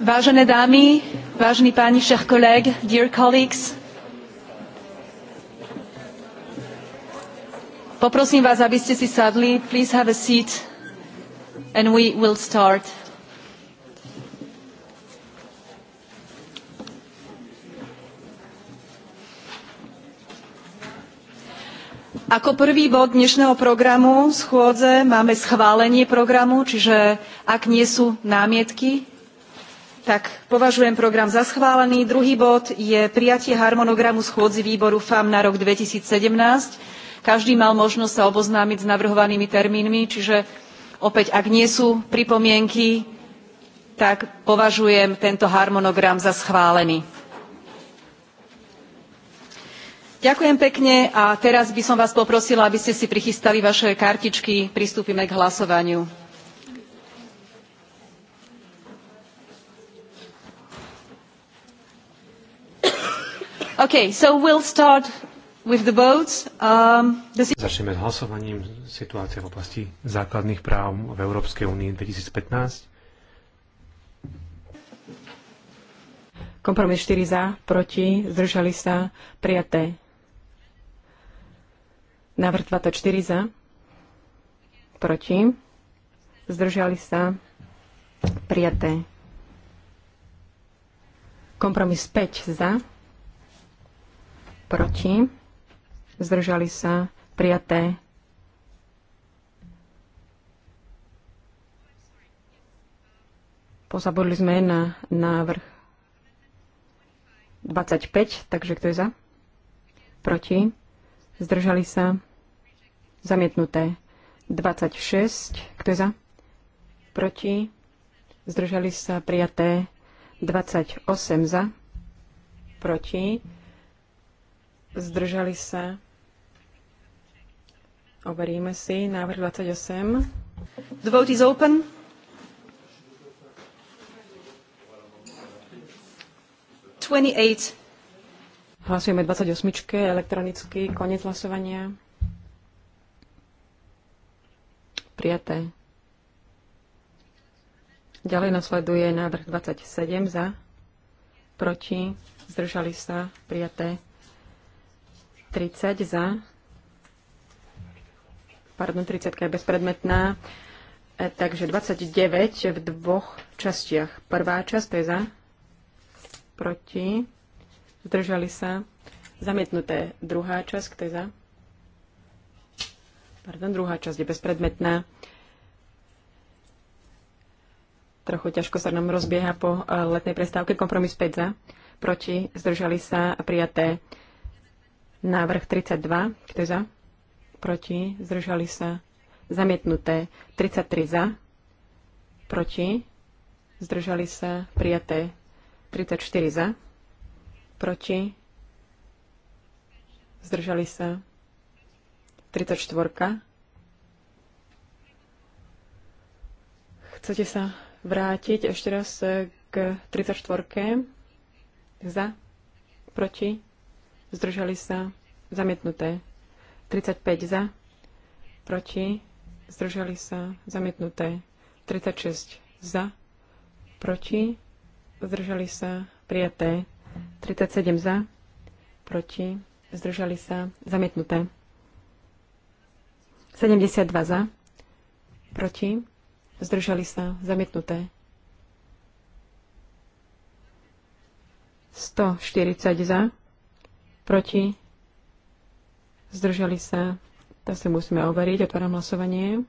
Vážené dámy, vážení páni, všech koleg, dear colleagues, poprosím vás, aby ste si sadli. Please have a seat and we will start. Ako prvý bod dnešného programu schôdze máme schválenie programu, čiže ak nie sú námietky, tak považujem program za schválený. Druhý bod je prijatie harmonogramu schôdzi výboru FAM na rok 2017. Každý mal možnosť sa oboznámiť s navrhovanými termínmi, čiže opäť, ak nie sú pripomienky, tak považujem tento harmonogram za schválený. Ďakujem pekne a teraz by som vás poprosila, aby ste si prichystali vaše kartičky. Pristúpime k hlasovaniu. Okay, so we'll start with the votes. Um, the... Začneme s hlasovaním situácie v oblasti základných práv v Európskej únii 2015. Kompromis 4 za, proti, zdržali sa, prijaté. Návrh 24 za. Proti. Zdržali sa. Prijaté. Kompromis 5 za. Proti. Zdržali sa. Prijaté. Pozabudli sme na návrh 25, takže kto je za? Proti? Zdržali sa? Zamietnuté. 26. Kto je za? Proti. Zdržali sa prijaté 28 za. Proti. Zdržali sa. Overíme si návrh 28. The vote is open. Hlasujeme 28. elektronicky. Konec hlasovania. Prijaté. Ďalej nasleduje návrh 27 za, proti, zdržali sa, prijaté. 30 za, pardon, 30 je bezpredmetná, e, takže 29 v dvoch častiach. Prvá časť to je za, proti, zdržali sa, zamietnuté. Druhá časť, to je za, Pardon, druhá časť je bezpredmetná. Trochu ťažko sa nám rozbieha po e, letnej prestávke. Kompromis 5 za. Proti zdržali sa prijaté návrh 32. Kto je za? Proti zdržali sa zamietnuté 33 za. Proti zdržali sa prijaté 34 za. Proti zdržali sa 34. Chcete sa vrátiť ešte raz k 34. Za, proti, zdržali sa, zamietnuté. 35 za, proti, zdržali sa, zamietnuté. 36 za, proti, zdržali sa, prijaté. 37 za, proti, zdržali sa, zamietnuté. 72 za, proti, zdržali sa, zamietnuté. 140 za, proti, zdržali sa, to si musíme overiť, otváram hlasovanie.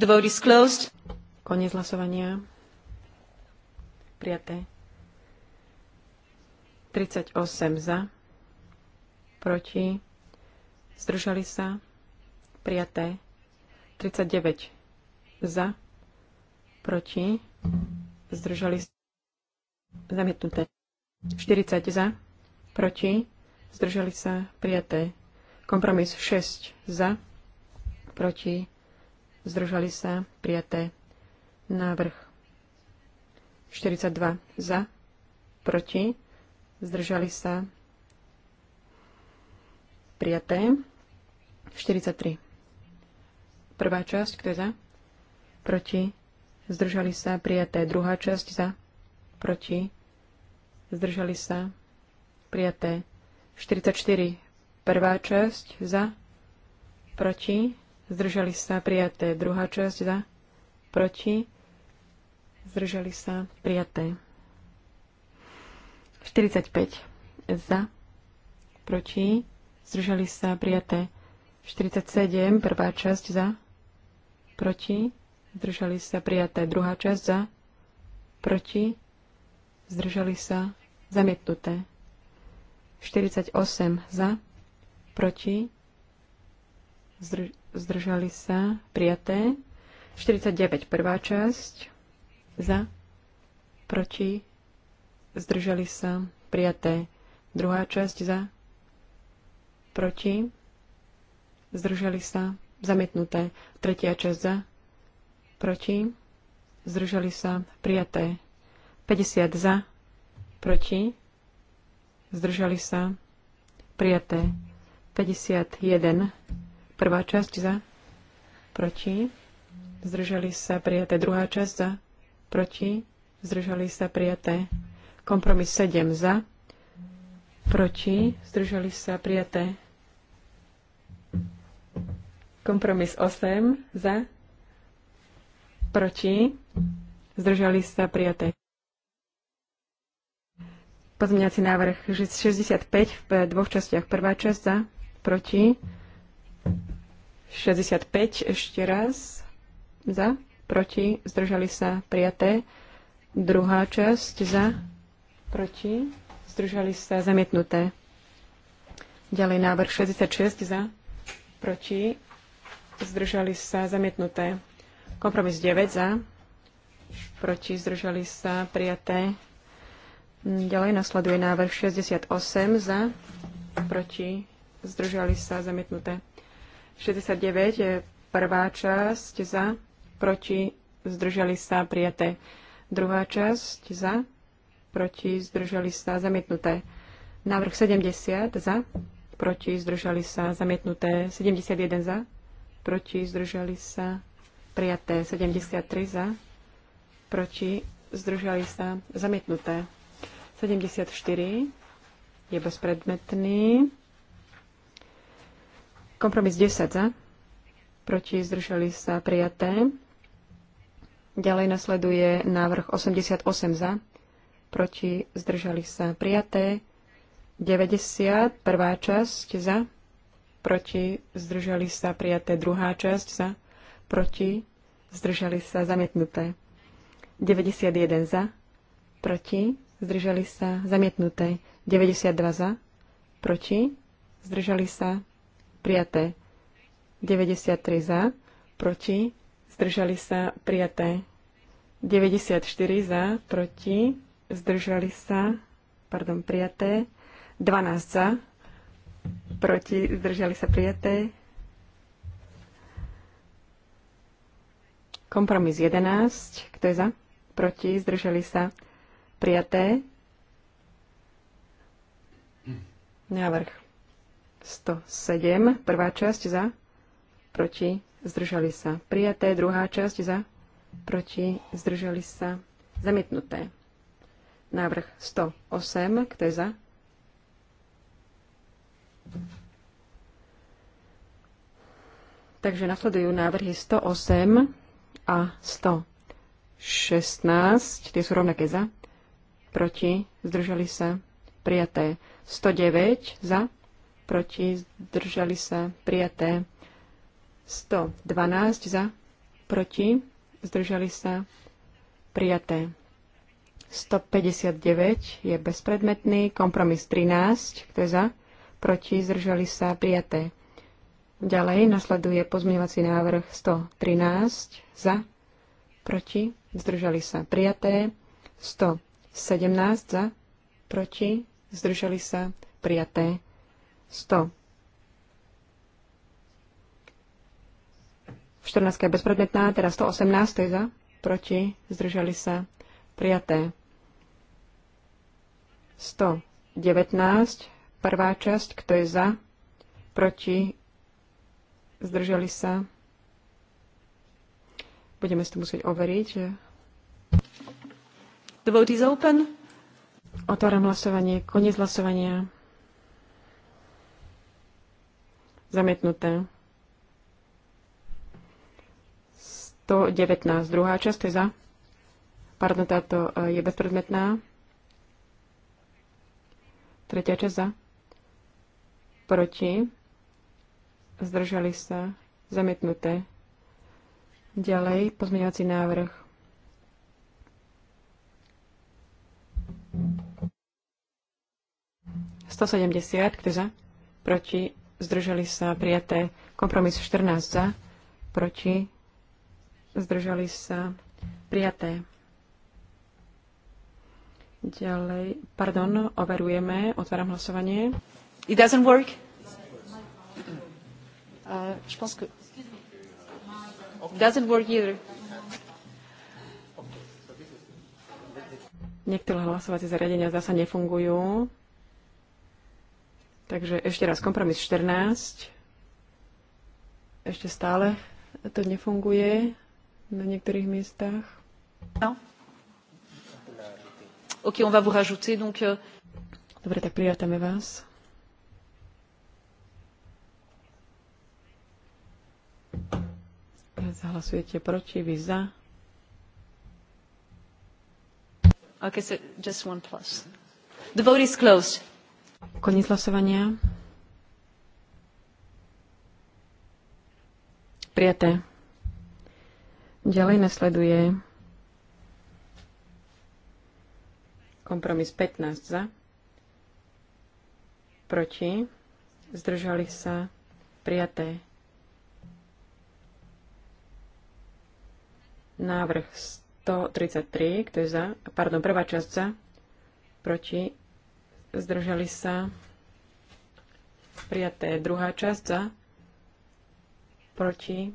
The vote is closed. Koniec hlasovania. Prijaté. 38 za, proti, Zdržali sa? Prijaté. 39 za. Proti. Zdržali sa? Zamietnuté. 40 za. Proti. Zdržali sa? Prijaté. Kompromis 6 za. Proti. Zdržali sa? Prijaté. Návrh 42 za. Proti. Zdržali sa? Prijaté. 43. Prvá časť, kto je za? Proti. Zdržali sa. Prijaté. Druhá časť za. Proti. Zdržali sa. Prijaté. 44. Prvá časť za. Proti. Zdržali sa. Prijaté. Druhá časť za. Proti. Zdržali sa. Prijaté. 45. Za. Proti zdržali sa prijaté 47, prvá časť za, proti, zdržali sa prijaté druhá časť za, proti, zdržali sa zamietnuté 48 za, proti, zdržali sa prijaté 49 prvá časť za, proti, zdržali sa prijaté druhá časť za, proti, zdržali sa, zamietnuté. Tretia časť za, proti, zdržali sa, prijaté. 50 za, proti, zdržali sa, prijaté. 51, prvá časť za, proti, zdržali sa, prijaté. Druhá časť za, proti, zdržali sa, prijaté. Kompromis 7 za, proti, zdržali sa, prijaté. Kompromis 8 za, proti, zdržali sa prijaté. Pozmeňací návrh 65 v dvoch častiach. Prvá časť za, proti, 65 ešte raz za, proti, zdržali sa prijaté. Druhá časť za, proti, zdržali sa zamietnuté. Ďalej návrh 66 za, proti, zdržali sa zamietnuté. Kompromis 9 za, proti zdržali sa prijaté. Ďalej nasleduje návrh 68 za, proti zdržali sa zamietnuté. 69 je prvá časť za, proti zdržali sa prijaté. Druhá časť za, proti zdržali sa zamietnuté. Návrh 70 za, proti zdržali sa zamietnuté. 71 za, proti, zdržali sa, prijaté 73 za, proti, zdržali sa, zamietnuté 74 je bezpredmetný. Kompromis 10 za, proti, zdržali sa, prijaté. Ďalej nasleduje návrh 88 za, proti, zdržali sa, prijaté. 90, prvá časť za, proti, zdržali sa prijaté. Druhá časť za, proti, zdržali sa zamietnuté. 91 za, proti, zdržali sa zamietnuté. 92 za, proti, zdržali sa prijaté. 93 za, proti, zdržali sa prijaté. 94 za, proti, zdržali sa, pardon, prijaté. 12 za, proti, zdržali sa prijaté. Kompromis 11, kto je za? Proti, zdržali sa prijaté. Návrh 107, prvá časť za, proti, zdržali sa prijaté, druhá časť za, proti, zdržali sa zamietnuté. Návrh 108, kto je za? Takže nasledujú návrhy 108 a 116. Tie sú rovnaké za. Proti. Zdržali sa. Prijaté. 109 za. Proti. Zdržali sa. Prijaté. 112 za. Proti. Zdržali sa. Prijaté. 159 je bezpredmetný. Kompromis 13. Kto je za? proti, zdržali sa, prijaté. Ďalej nasleduje pozmievací návrh 113 za, proti, zdržali sa, prijaté. 117 za, proti, zdržali sa, prijaté. 100. V 14 je bezpredmetná, teda 118 za, proti, zdržali sa, prijaté. 119 Prvá časť, kto je za, proti, zdržali sa. Budeme si to musieť overiť. Že... The vote is open. Otváram hlasovanie. Koniec hlasovania. Zamietnuté. 119. Druhá časť je za. Pardon, táto eh, je bezpredmetná. Tretia časť za proti, zdržali sa, zamietnuté. Ďalej, pozmeňovací návrh. Sto kto za? Proti, zdržali sa, prijaté. Kompromis 14 za, proti, zdržali sa, prijaté. Ďalej, pardon, overujeme, otváram hlasovanie. It doesn't work? Uh, je pense que... Doesn't work either. Niektoré hlasovacie zariadenia zdá nefungujú. Takže ešte raz kompromis 14. Ešte stále to nefunguje na niektorých miestach. No. OK, on va vous rajouter, donc... Euh, Dobre, tak prijatame vás. Hlasujete proti, vy za. Okay, so just one plus. The vote is closed. Koniec hlasovania. Prijaté. Ďalej nasleduje kompromis 15 za, proti, zdržali sa, prijaté. Návrh 133, kto je za? Pardon, prvá časť za. Proti. Zdržali sa. Prijaté druhá časť za. Proti.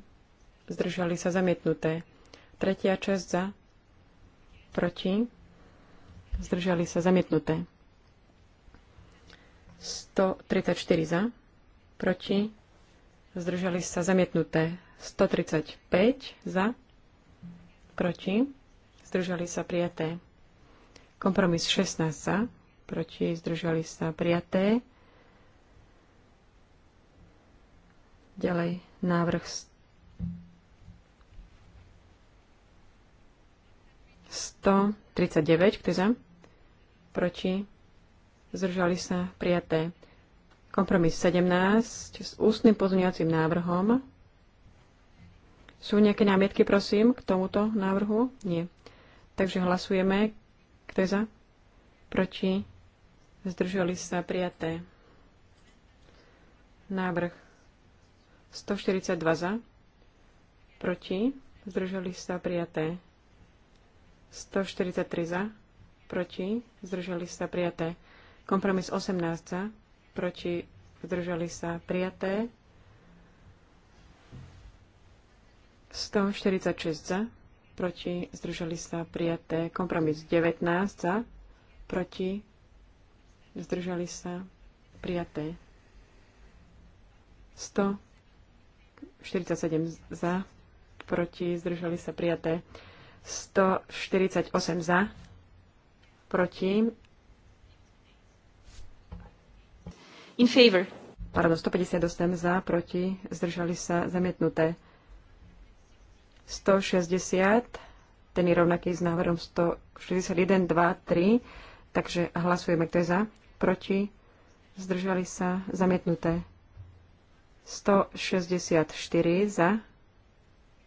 Zdržali sa zamietnuté. Tretia časť za. Proti. Zdržali sa zamietnuté. 134 za. Proti. Zdržali sa zamietnuté. 135 za proti, zdržali sa prijaté. Kompromis 16 za, proti, zdržali sa prijaté. Ďalej návrh 139, kto je za? Proti, zdržali sa prijaté. Kompromis 17 s ústnym pozmeňovacím návrhom sú nejaké námietky, prosím, k tomuto návrhu? Nie. Takže hlasujeme. Kto je za? Proti? Zdržali sa prijaté. Návrh 142 za. Proti? Zdržali sa prijaté. 143 za. Proti? Zdržali sa prijaté. Kompromis 18 za. Proti? Zdržali sa prijaté. 146 za, proti, zdržali sa prijaté. Kompromis 19 za, proti, zdržali sa prijaté. 147 za, proti, zdržali sa prijaté. 148 za, proti. In favor. Pardon, 158 za, proti, zdržali sa zamietnuté. 160, ten je rovnaký s návrhom 161, 2, 3, takže hlasujeme, kto je za, proti, zdržali sa, zamietnuté. 164 za,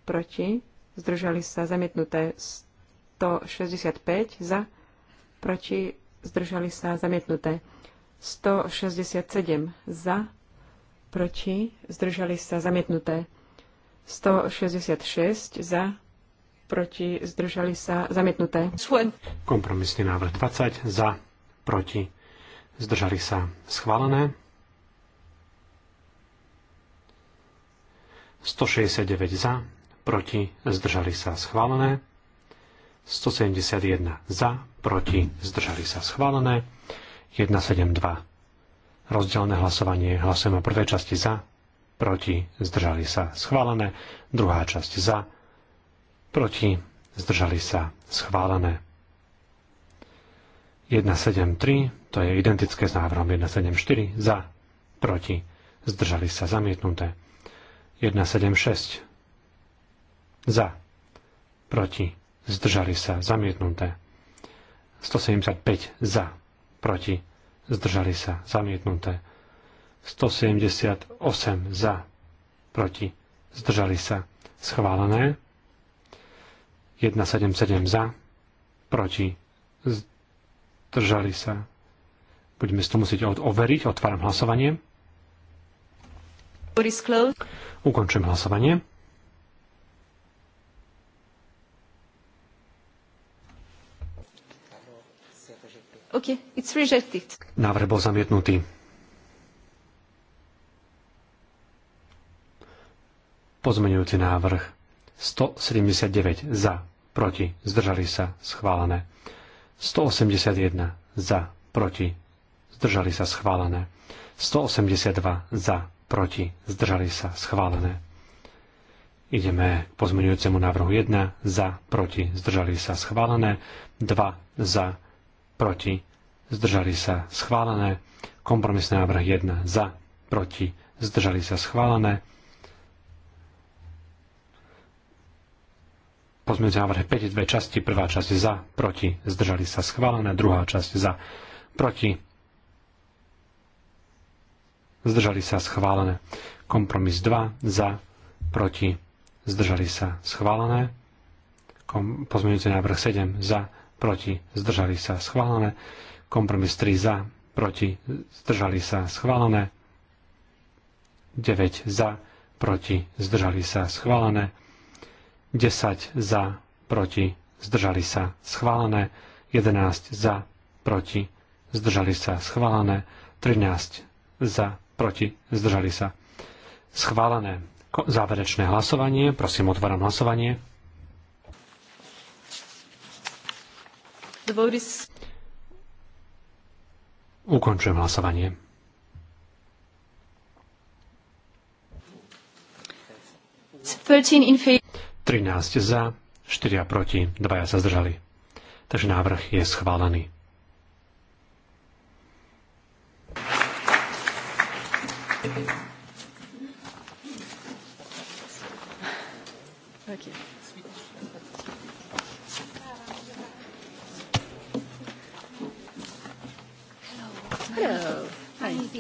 proti, zdržali sa, zamietnuté. 165 za, proti, zdržali sa, zamietnuté. 167 za, proti, zdržali sa, zamietnuté. 166 za, proti, zdržali sa, zamietnuté. Kompromisný návrh 20 za, proti, zdržali sa, schválené. 169 za, proti, zdržali sa, schválené. 171 za, proti, zdržali sa, schválené. 172. Rozdielne hlasovanie. Hlasujeme o prvej časti za, proti, zdržali sa, schválené. Druhá časť za, proti, zdržali sa, schválené. 173, to je identické s návrhom 174, za, proti, zdržali sa, zamietnuté. 176, za, proti, zdržali sa, zamietnuté. 175, za, proti, zdržali sa, zamietnuté. 178 za, proti, zdržali sa, schválené. 177 za, proti, zdržali sa. Budeme si to musieť overiť, otváram hlasovanie. Ukončujem hlasovanie. Okay, it's rejected. Návrh bol zamietnutý. Pozmeňujúci návrh 179 za, proti, zdržali sa, schválené. 181 za, proti, zdržali sa, schválené. 182 za, proti, zdržali sa, schválené. Ideme k pozmenujúcemu návrhu 1 za, proti, zdržali sa, schválené. 2 za, proti, zdržali sa, schválené. Kompromisný návrh 1 za, proti, zdržali sa, schválené. Pozmeňujúci návrh 5, dve časti. Prvá časť za, proti, zdržali sa schválené. Druhá časť za, proti, zdržali sa schválené. Kompromis 2, za, proti, zdržali sa schválené. Kom, pozmeňujúci návrh 7, za, proti, zdržali sa schválené. Kompromis 3, za, proti, zdržali sa schválené. 9 za, proti, zdržali sa schválené. 10 za, proti, zdržali sa, schválené, 11 za, proti, zdržali sa, schválené, 13 za, proti, zdržali sa. Schválené. Záverečné hlasovanie. Prosím, otváram hlasovanie. Ukončujem hlasovanie. In... 13 za, 4 proti, 2 sa zdržali. Takže návrh je schválený. Okay. Hello. Hi. Nice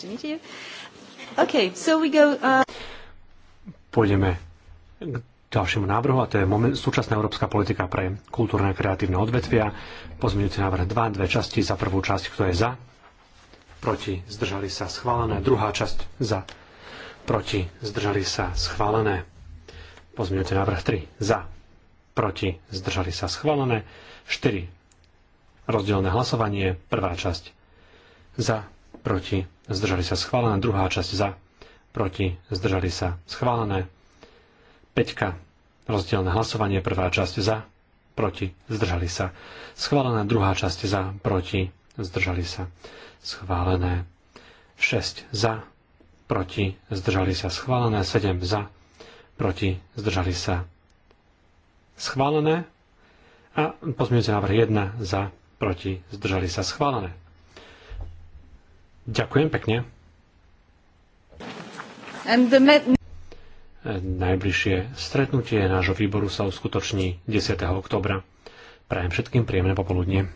to meet you. Okay, so we go. Uh... Pôjdeme k ďalšiemu návrhu a to je moment, súčasná európska politika pre kultúrne a kreatívne odvetvia. Pozmeňujúci návrh 2, dve časti. Za prvú časť, kto je za, proti, zdržali sa, schválené. Druhá časť, za, proti, zdržali sa, schválené. Pozmeňujúci návrh 3, za, proti, zdržali sa, schválené. 4. Rozdielne hlasovanie, prvá časť, za, proti, zdržali sa, schválené. Druhá časť, za, proti, zdržali sa, schválené. 5. Rozdielne hlasovanie, prvá časť za, proti, zdržali sa. Schválené, druhá časť za, proti, zdržali sa. Schválené 6 za, proti, zdržali sa. Schválené 7 za, proti, zdržali sa. Schválené a pozmiňujúci návrh 1 za, proti, zdržali sa. Schválené. Ďakujem pekne. Najbližšie stretnutie nášho výboru sa uskutoční 10. oktobra. Prajem všetkým príjemné popoludnie.